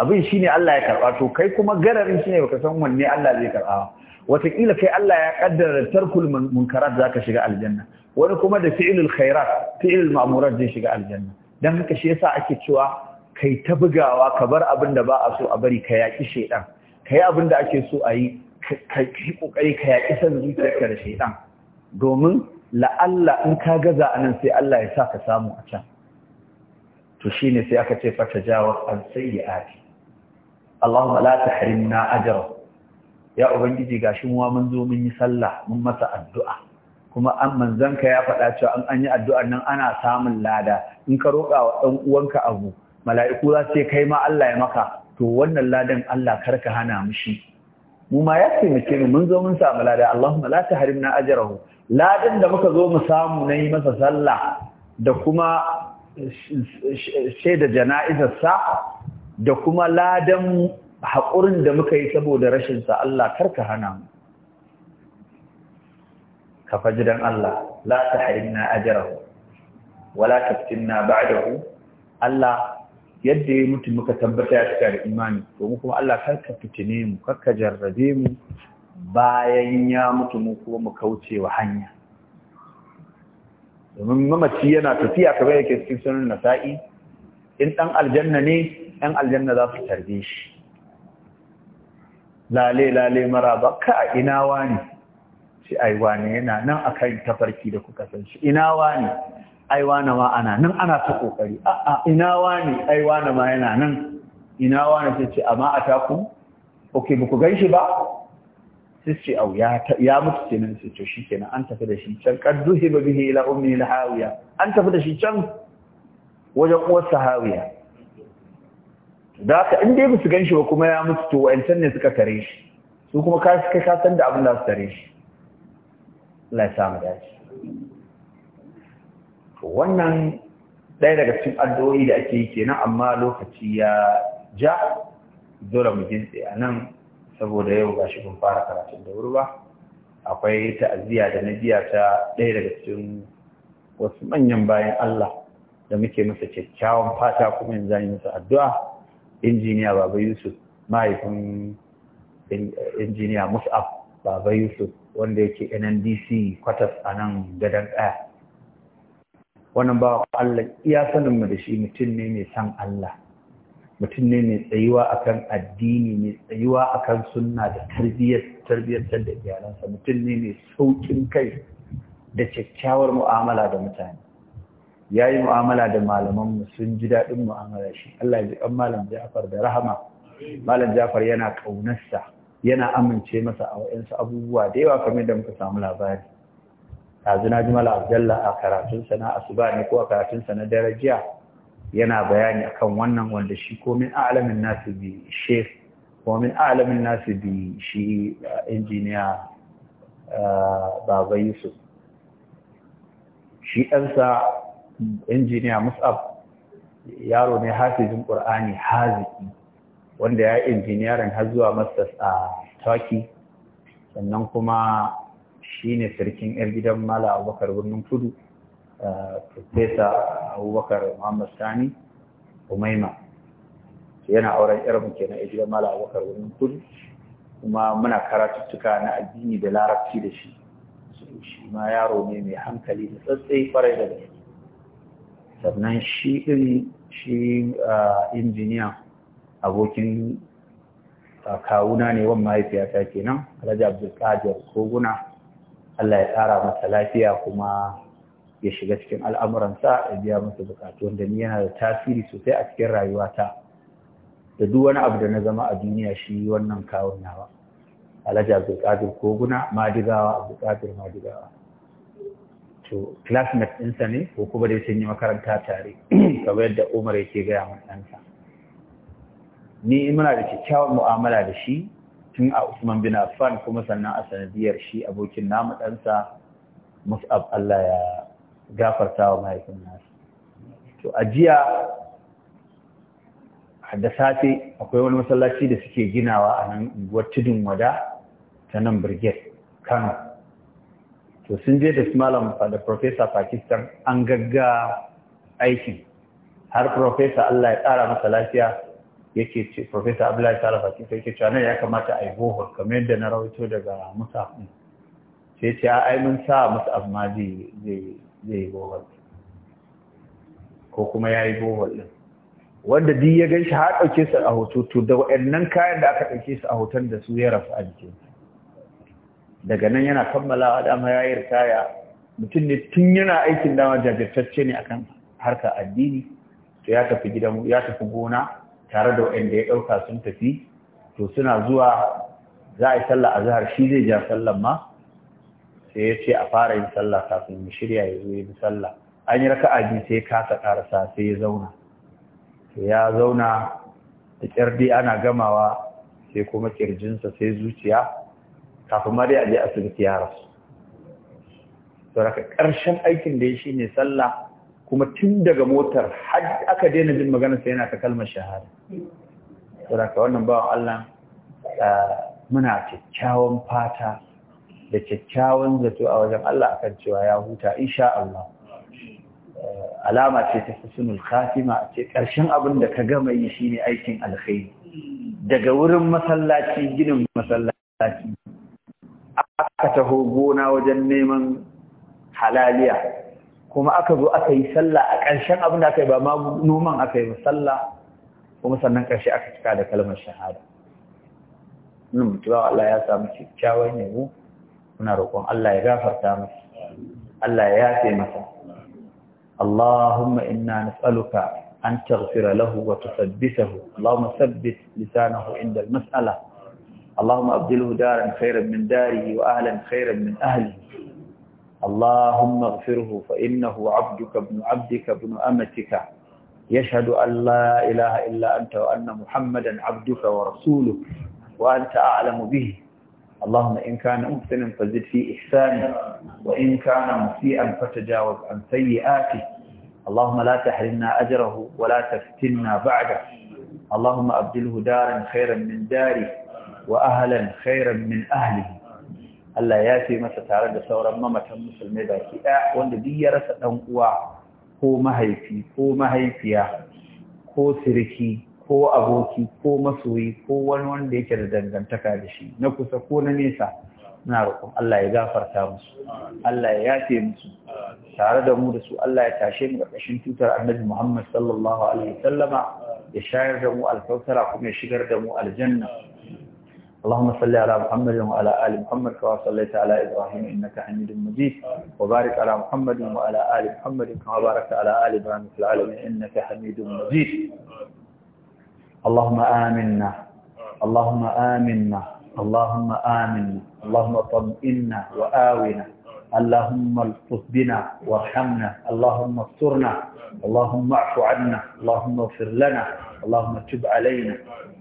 abin shine Allah ya karba to kai kuma gararin shine baka san wanne Allah zai karba wataƙila kai Allah ya da tarkul munkarat zaka shiga aljanna wani kuma da fi'ilul khairat fi'ilul ma'murat zai shiga aljanna dan haka shi yasa ake cewa kai ta bugawa ka bar abin da ba a so a bari ka yaki shedan kai abin da ake so a yi ka yi kokari ka yaki san zuciyarka da shedan domin la'alla in ka gaza anan sai Allah ya sa ka samu a can to shine sai aka ce fatajawaz an sayyi'ati Allahumma la tahrimna ajra ya ubangiji gashi muwa mun zo mun yi sallah mun masa addu'a kuma an manzanka ya faɗa cewa an an yi addu'ar nan ana samun lada in ka roƙa wa ɗan uwanka abu mala'iku za su kai ma Allah ya maka to wannan ladan Allah kar ka hana shi. mu ma ya taimake mu mun zo mun samu lada Allahumma la tahrimna ajrahu ladan da muka zo mu samu na yi masa sallah da kuma shaida jana'izarsa da kuma ladan haƙurin da muka yi saboda rashinsa Allah karka hana mu ka faji don Allah la ta harimna ajarahu wala da ba'dahu Allah yadda ya mutu muka tabbata ya cika da imani domin kuma Allah karka fitine mu karka jarrabe mu bayan ya mutu mu kuma mu kauce wa hanya domin mamaci yana tafiya kamar yake cikin sunan nasa'i in dan aljanna ne dan aljanna za su tarbe shi lale lale maraba ka ina wani shi aiwa ne yana nan a kan tafarki da kuka san shi ina wani aiwa na ma ana nan ana ta kokari a a ina wani aiwa wani ma yana nan ina wani sai ce amma a taku ok ba ku ganshi ba sai ce au ya mutu ce nan sai to kenan. an tafi da shi can Kaddu duhiba bihi ila ummi al hawiya an tafi da shi can wajen uwar sahawiya da haka in dai su ganshi ba kuma ya mutu to wa'ancan ne suka tare shi su kuma ka suka ka da abin da su tare shi Allah ya samu daji. wannan ɗaya daga cikin addu'o'i da ake yi kenan amma lokaci ya ja dole mu tsaye a nan saboda yau ga shi kun fara karatun da wuri ba akwai ta'aziyya da na najiya ta ɗaya daga cikin wasu manyan bayan Allah da muke masa kyakkyawan fata kuma yanzu yi masa addu'a injiniya baba yusuf mahaifin injiniya musaf baba yusuf wanda yake nndc kwatas a nan gadon ɗaya wannan ba allah iya saninmu da shi mutum ne mai san allah mutum ne mai tsayuwa akan addini mai tsayuwa akan sunna da tarbiyyar da iyalansa mutum ne mai saukin kai da kyakkyawar mu'amala da mutane ya yi mu'amala da malamanmu sun ji daɗin mu'amala shi Allah ya ji ɗan malam Ja'far da rahama malam Ja'far yana ƙaunarsa yana amince masa a wa'insu abubuwa da yawa kamar da muka samu labari ɗazu na ji malam a karatunsa na asuba ne ko a karatunsa na darajiya yana bayani akan wannan wanda shi ko min a'lamin nasu bi ko min a'lamin nasu bi shi uh, injiniya uh, Baba Yusuf shi ɗansa injiniya mus'ab yaro ne hafizin ƙur'ani haziki wanda ya injiniyarin har zuwa masters a turkey sannan kuma shi ne sirkin 'yar gidan mala abubakar birnin kudu eh, professor abubakar muhammad sani umaima yana auren yarmu kenan 'yar gidan mala abubakar birnin kudu kuma muna karatuttuka na addini da larabci da shi shi ma yaro ne mai hankali da tsatsai kwarai da gaske sannan shi irin shi injiniya abokin kawuna ne wan mahaifiyata kenan alhaji abdulkadir koguna allah ya tsara masa lafiya kuma ya shiga cikin al'amuransa ya biya masa bukatu wanda ni yana da tasiri sosai a cikin rayuwata da duk wani abu da na zama a duniya shi wannan kawun nawa alhaji abdulkadir koguna madigawa abdulkadir madigawa to classmate ɗinsa ne ko kuma dai sun yi makaranta tare kamar yadda umar yake gaya min ɗansa ni muna da kyakkyawar mu'amala da shi tun a usman bin affan kuma sannan a sanadiyar shi abokin namu ɗansa mus'ab allah ya gafarta wa mahaifin nasu to a jiya da safe akwai wani masallaci da suke ginawa a nan unguwar tudun wada ta nan birgit kano to sun je da su malam da profesa pakistan an gagga aikin har profesa allah ya tsara masa lafiya yake ce profesa abdullahi sara pakistan yake cewa nan ya kamata a yi bohol kamar yadda na rawaito daga musa sai ce a ai mun sa musu amma zai yi bohol ko kuma ya yi bohol ɗin wanda duk ya gan shi har ɗauke su a hoto to da waɗannan kayan da aka ɗauke su a hoton da su ya rasu a jikinsa daga nan yana kammalawa dama ya yi ritaya mutum ne tun yana aikin dama jajirtacce ne akan harka addini to ya tafi gidan ya tafi gona tare da waɗanda ya ɗauka sun tafi to suna zuwa za a yi sallah a zahar shi zai ja sallah ma sai ya ce a fara yin sallah kafin mu shirya ya zo ya bi sallah an yi raka'a biyu sai kasa karasa sai ya zauna to ya zauna da kyar ana gamawa sai kuma kirjinsa sai zuciya kafin ma dai a je asibiti ya rasu sauraka ƙarshen aikin da ya shi ne sallah kuma tun daga motar har aka daina jin magana sai yana ta kalmar shahada sauraka wannan bawa Allah muna kyakkyawan fata da kyakkyawan zato a wajen Allah akan cewa ya huta insha Allah alama ce ta sunul khatima ce karshen abin da ka gama yi shine aikin alkhairi daga wurin masallaci ginin masallaci aka taho gona wajen neman halaliya kuma aka zo aka yi sallah a ƙarshen abin da aka yi ba ma noman aka yi sallah kuma sannan ƙarshe aka cika da kalmar shahada nun mutuwa Allah ya samu kyakkyawan yabo muna roƙon Allah ya gafarta masa Allah ya yafe masa اللهم إنا نسألك أن تغفر له وتثبته اللهم ثبت لسانه عند المسألة اللهم أبدله دارا خيرا من داره وأهلا خيرا من أهله اللهم اغفره فإنه عبدك ابن عبدك ابن أمتك يشهد أن لا إله إلا أنت وأن محمدا عبدك ورسولك وأنت أعلم به اللهم إن كان محسنا فزد في إحسانه وإن كان مسيئا فتجاوز عن سيئاته اللهم لا تحرمنا أجره ولا تفتنا بعده اللهم أبدله دارا خيرا من داره wa ahalan khairan min ahlihi Allah ya fi masa tare da sauran mamatan musulmai baki ɗaya wanda duk ya rasa ɗan uwa ko mahaifi ko mahaifiya ko siriki ko aboki ko masoyi ko wani wanda yake da dangantaka da shi na kusa ko na nesa na roƙon Allah ya gafarta musu Allah ya yafe musu tare da mu da su Allah ya tashe mu ƙarƙashin tutar Annabi Muhammad sallallahu alaihi wasallama ya shayar da mu alkautara kuma ya shigar da mu aljanna اللهم صل على محمد وعلى آل محمد كما صليت على إبراهيم إنك حميد مجيد وبارك على محمد وعلى آل محمد كما باركت على آل إبراهيم في العالمين إنك حميد مجيد اللهم آمنا اللهم آمنا اللهم آمنا اللهم طمئنا وآونا اللهم الطف بنا وارحمنا اللهم استرنا اللهم اعف عنا اللهم اغفر لنا اللهم تب علينا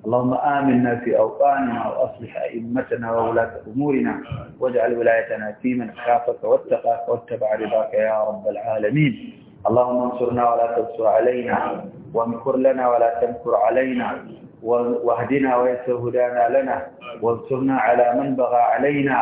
اللهم آمنا في أوطاننا وأصلح أئمتنا وولاة أمورنا واجعل ولايتنا في من خافك واتقاك واتبع رضاك يا رب العالمين اللهم انصرنا ولا تنصر علينا وامكر لنا ولا تمكر علينا واهدنا ويسر هدانا لنا وانصرنا على من بغى علينا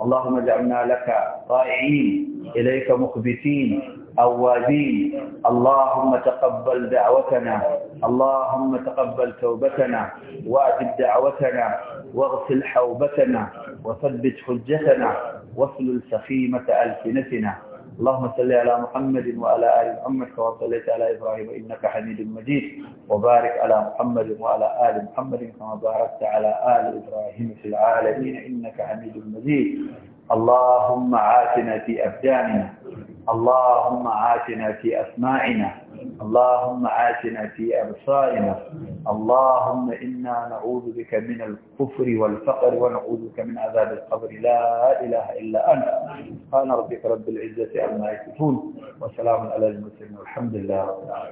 اللهم اجعلنا لك طائعين إليك مخبتين أوابين اللهم تقبل دعوتنا اللهم تقبل توبتنا وأجب دعوتنا واغسل حوبتنا وثبت حجتنا واسلل سخيمة ألسنتنا اللهم صل على محمد وعلى آل محمد كما صليت على إبراهيم إنك حميد مجيد وبارك على محمد وعلى آل محمد كما باركت على آل إبراهيم في العالمين إنك حميد مجيد اللهم عاتنا في أبداننا اللهم عاتنا في أسماعنا اللهم عاتنا في أبصارنا اللهم إنا نعوذ بك من الكفر والفقر ونعوذ بك من عذاب القبر لا إله إلا أنت سبحان ربك رب العزة عما يصفون وسلام على المسلمين والحمد لله رب العالمين